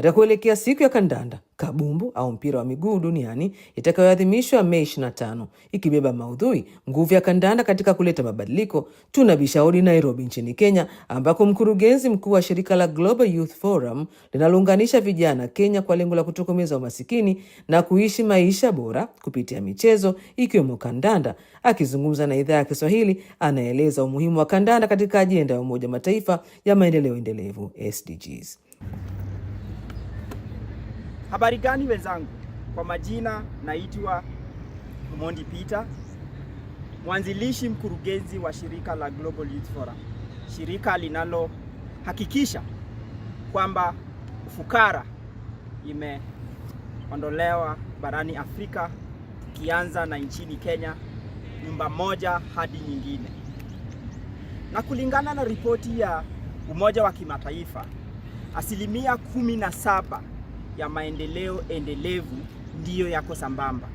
Katika kuelekea siku ya kandanda kabumbu au mpira wa miguu duniani itakayoadhimishwa Mei 25 ikibeba maudhui nguvu ya kandanda katika kuleta mabadiliko, tuna bishauri Nairobi nchini Kenya, ambako mkurugenzi mkuu wa shirika la Global Youth Forum linalounganisha vijana Kenya kwa lengo la kutokomeza umasikini na kuishi maisha bora kupitia michezo ikiwemo kandanda, akizungumza na idhaa ya Kiswahili, anaeleza umuhimu wa kandanda katika ajenda ya Umoja Mataifa ya maendeleo endelevu SDGs. Habari gani wenzangu, kwa majina naitwa Mondi Peter, mwanzilishi mkurugenzi wa shirika la Global Youth Forum, shirika linalohakikisha kwamba ufukara imeondolewa barani Afrika, tukianza na nchini Kenya, nyumba moja hadi nyingine. Na kulingana na ripoti ya Umoja wa Kimataifa, asilimia kumi na saba ya maendeleo endelevu ndiyo yako sambamba.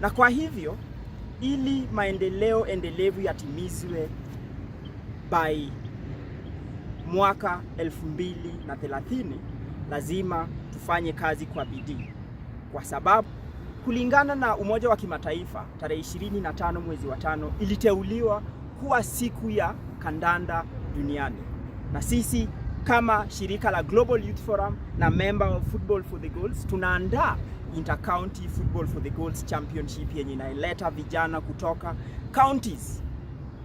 Na kwa hivyo ili maendeleo endelevu yatimizwe by mwaka 2030 lazima tufanye kazi kwa bidii, kwa sababu kulingana na Umoja wa Kimataifa, tarehe 25 mwezi wa tano iliteuliwa kuwa siku ya kandanda duniani na sisi kama shirika la Global Youth Forum na member of Football for the Goals tunaandaa Intercounty Football for the Goals Championship yenye inaileta vijana kutoka counties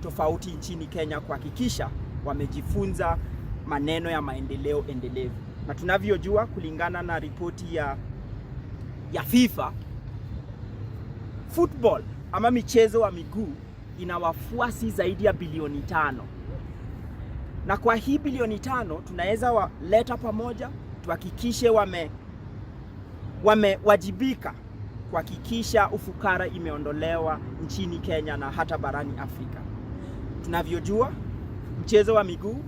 tofauti nchini Kenya kuhakikisha wamejifunza maneno ya maendeleo endelevu, na tunavyojua kulingana na ripoti ya, ya FIFA football ama michezo wa miguu ina wafuasi zaidi ya bilioni tano na kwa hii bilioni tano tunaweza waleta pamoja, tuhakikishe wame wamewajibika kuhakikisha ufukara imeondolewa nchini Kenya na hata barani Afrika. Tunavyojua, mchezo wa miguu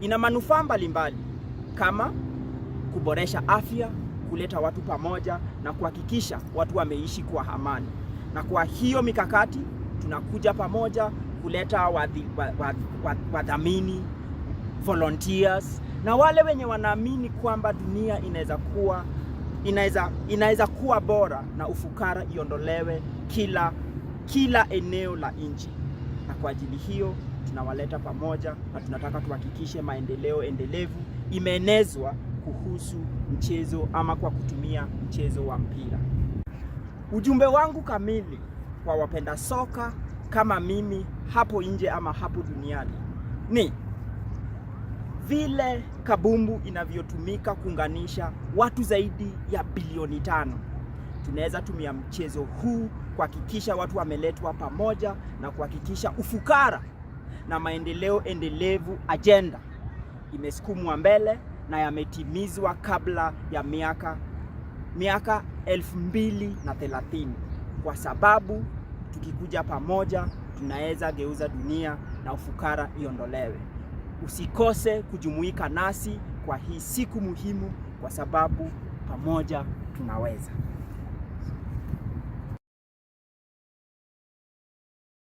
ina manufaa mbalimbali kama kuboresha afya, kuleta watu pamoja na kuhakikisha watu wameishi kwa amani. Na kwa hiyo mikakati tunakuja pamoja kuleta wadhamini volunteers na wale wenye wanaamini kwamba dunia inaweza kuwa inaweza inaweza kuwa bora na ufukara iondolewe kila kila eneo la nchi. Na kwa ajili hiyo tunawaleta pamoja, na tunataka tuhakikishe maendeleo endelevu imeenezwa kuhusu mchezo ama kwa kutumia mchezo wa mpira. Ujumbe wangu kamili kwa wapenda soka kama mimi hapo nje ama hapo duniani ni vile kabumbu inavyotumika kuunganisha watu zaidi ya bilioni tano. Tunaweza tumia mchezo huu kuhakikisha watu wameletwa pamoja na kuhakikisha ufukara na maendeleo endelevu ajenda imesukumwa mbele na yametimizwa kabla ya miaka miaka 2030 kwa sababu tukikuja pamoja tunaweza geuza dunia na ufukara iondolewe. Usikose kujumuika nasi kwa hii siku muhimu, kwa sababu pamoja tunaweza.